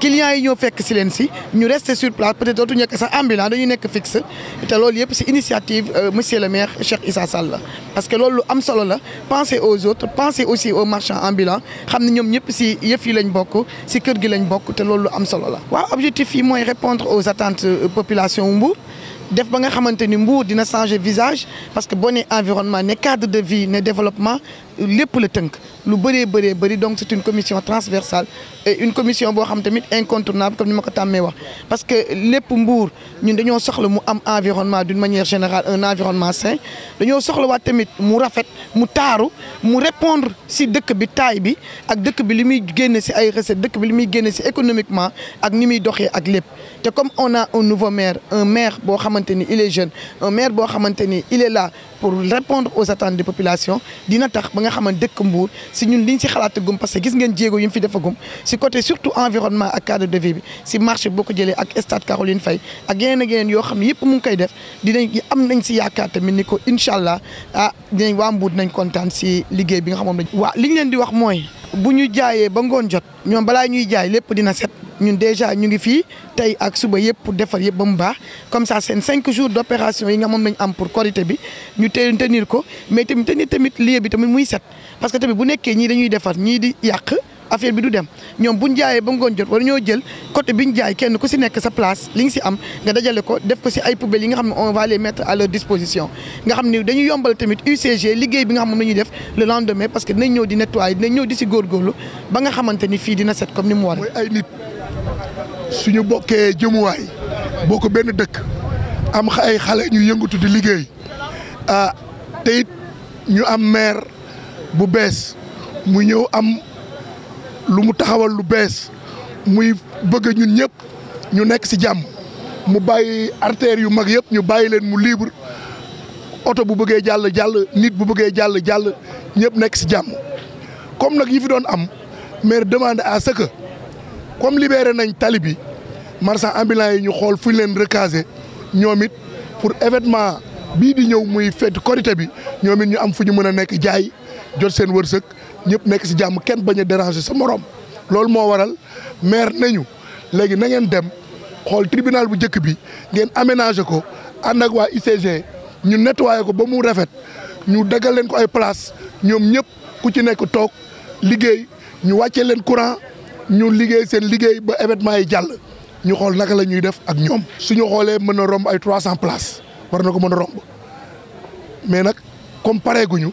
clients y ñoo fekk si leen si nous rester sur place peut-être que nous sommes ambulant dañuy nekk fixe te loolu yëpp l'initiative initiative euh, monsieur le maire cher Issa Sall parce que loolu lu am penser aux autres penser aussi aux marchands ambulants nous sommes ñoom nous si yëf yi lañ si kër gi lañ est de la objectif répondre aux attentes euh, population la def Il faut que ni Mbour dina changer visage parce que bon environnement le cadre de vie le développement lépp le tënk lu bëree bëree donc c'est une commission transversale et une commission xam incontournable comme ni ma ko parce que les mbuur nous avons soxla mu environnement d'une manière générale un environnement sain Nous avons tamit mu rafet mu taaru mu répondre si dëkk bi taay bi ak dëkk bi li recettes dëkk bi économiquement ak ni muy doxee ak comme on a un nouveau maire un maire boo xamante ni il est jeune un maire boo xamante ni il est là pour répondre aux attentes des populations dina tax nga xamante dëkk Mbour si ñun liñ si xalaatagum parce que gis ngeen jéego yu mu fi defagum si côté surtout environnement ak cadre de vie bi si marché boo ko jëlee ak stade Caroline Faye ak yeneen ak yoo xam ne yëpp mu ngi koy def dinañ am nañ si yaakaar tamit ni ko incha allah a ah, dinañ waa Mbour dinañ kontaan si liggéey bi nga xamoon moom lañ. waaw li ñu leen di wax mooy bu ñu jaayee ba ngoon jot ñoom balaa ñuy jaay lépp dina set ñun déjà ñu ngi fii tey ak suba yëpp defar yëpp ba mu baax comme ça seen cinq jours d' opération yi nga moom lañu am pour korité bi ñu teel tenir ko mais tamit tenir tamit lieu bi tamit muy set parce que tamit bu nekkee ñii dañuy defar ñii di yàq. affaire bi du dem ñom buñ jaayee ba ngon jot war ñoo jël côté biñ jaay kenn ku si nekk sa place li ci am nga dajalé ko def ko ci ay poubelle yi nga xamni on va les mettre à leur disposition nga xamni dañu yombal tamit UCG liggéey bi nga xamni ñu def le lendemain parce que dañ ñëw di nettoyer dañ ñëw di gor gorlu ba nga xamanteni ni dina set comme ni mu war ay nit suñu bokké jëmuwaay way boko benn dëkk am ay xalé ñu yëngatu di liggéey ah tayit ñu am maire bu bees mu am. lu mu taxawal lu bees muy bëgg ñun ñëpp ñu nekk si jàmm mu bàyyi artères yu mag yëpp ñu bàyyi leen mu libre oto bu bëggee jàll jàll nit bu bëggee jàll jàll ñëpp nekk si jàmm comme nag yi fi doon am maire demande à ce que comme libéré nañ tali bi marchand ambulant yi ñu xool fu ñu leen recaser ñoom it pour événement bii di ñëw muy fête Korité bi ñoom it ñu am fu ñu mën a nekk jaay jot seen wërsëg ñëpp nekk si jàmm kenn bañ a déranger sama morom loolu moo waral maire nañu léegi na ngeen dem xool tribunal bu njëkk bi ngeen aménager ko ànd ak waa UCG ñu nettoyer ko ba mu rafet ñu daggal leen ko ay place ñoom ñëpp ku ci nekk toog liggéey ñu wàccee leen courant ñu liggéey seen liggéey ba événement yi jàll ñu xool naka la ñuy def ak ñoom suñu xoolee mën na romb ay trois cent places war na ko mën a romb mais nag comme ñu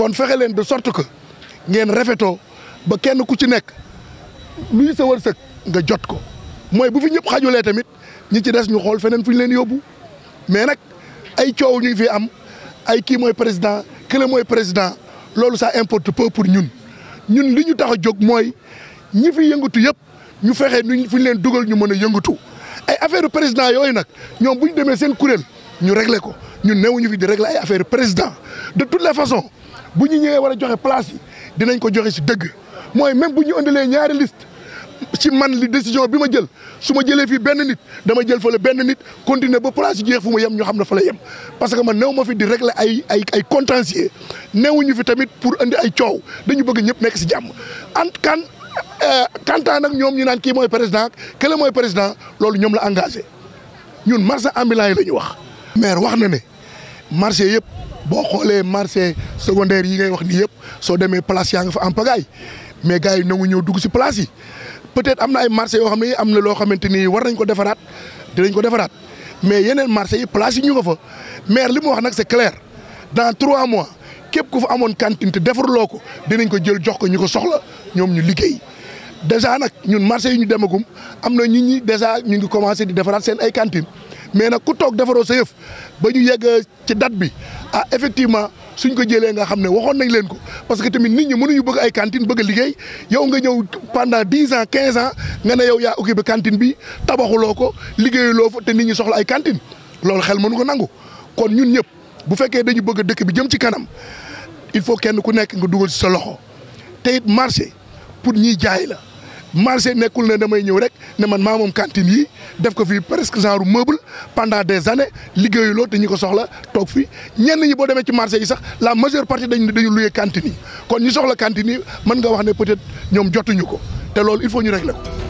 kon fexe leen de sorte que ngeen rafetoo ba kenn ku ci nekk luy sa wërsëg nga jot ko moy bu fi ñëpp xajulee tamit ñi ci dess ñu xol feneen fuñu ñu leen yóbbu mais nak ay ciow ñu fi am ay ki moy président kële moy président lolu ça importe peu pour ñun ñun li ñu tax jog moy ñi fi yëngatu yëpp ñu fexé nuñ fuñu ñu leen dugal ñu mëna a yëngatu ay affaire président yoy nak ñom bu démé demee seen kuréel ñu régler ko ñun néwuñu fi di régler ay affaire président de toutes les façons bu ñu ñëwee war a joxe place yi dinañ ko joxe si dëgg mooy même bu ñu ëndalee ñaari liste si man li décision bi ma jël su ma jëlee fii benn nit dama jël fële benn nit continuer ba place yi jeex fu ma yem ñu xam ne fa la yem. parce que man new ma fi di régler ay ay ay contentieux néewuñu fi tamit pour andi ay coow dañu bëgg ñëpp nekk si jàmm ant kan euh, kantaan nag ñoom ñu naan kii mooy président kële mooy président loolu ñoom la engagé ñun marché ambulant yi la ñu wax. maire wax na ne marché yëpp. boo xoolee marché secondaire yi ngay wax ni yëpp soo demee place yaa ngi fa en pagaille mais gars yi nangu ñëw dugg si place yi peut-être am na ay marché yoo xam ne am na loo xamante ni war nañ ko defaraat dinañ ko defaraat mais yeneen marché yi place yi ñu nga li mu wax nag c'est clair dans trois mois képp ku fa amoon cantine te defaruloo ko dinañ ko jël jox ko ñu ko soxla ñoom ñu liggéey déjà nag ñun marché yi ñu demagum am na ñun ñi déjà ñu ngi commencé di defaraat seen ay cantine mais nag ku toog defaroo sa yëf ba ñu yegg ci date bi ah effectivement suñ ko jëlee nga xam ne waxoon nañ leen ko parce que tamit nit ñi mënuñu bëgg ay cantine bëgg a liggéey yow nga ñëw pendant dix ans quinze ans nga ne yow yaa occupé cantine bi tabaxuloo ko liggéeyuloo fa te nit ñi soxla ay cantine loolu xel mënu ko nangu kon ñun ñëpp bu fekkee dañu bëgg a dëkk bi jëm ci kanam il faut kenn ku nekk nga dugal ci sa loxo te it marché pour ñiy jaay la marché nekkul ne damay ñëw rek ne man maa moom cantine yi def ko fii presque genre meuble pendant des années liggéeyuloo te ñi ko soxla toog fii ñenn ñi boo demee ci marché yi sax la majeure partie dañu dañu luyee cantine yi kon ñi soxla cantine man mën nga wax ne peut-être ñoom jotuñu ko te loolu il faut ñu régler ko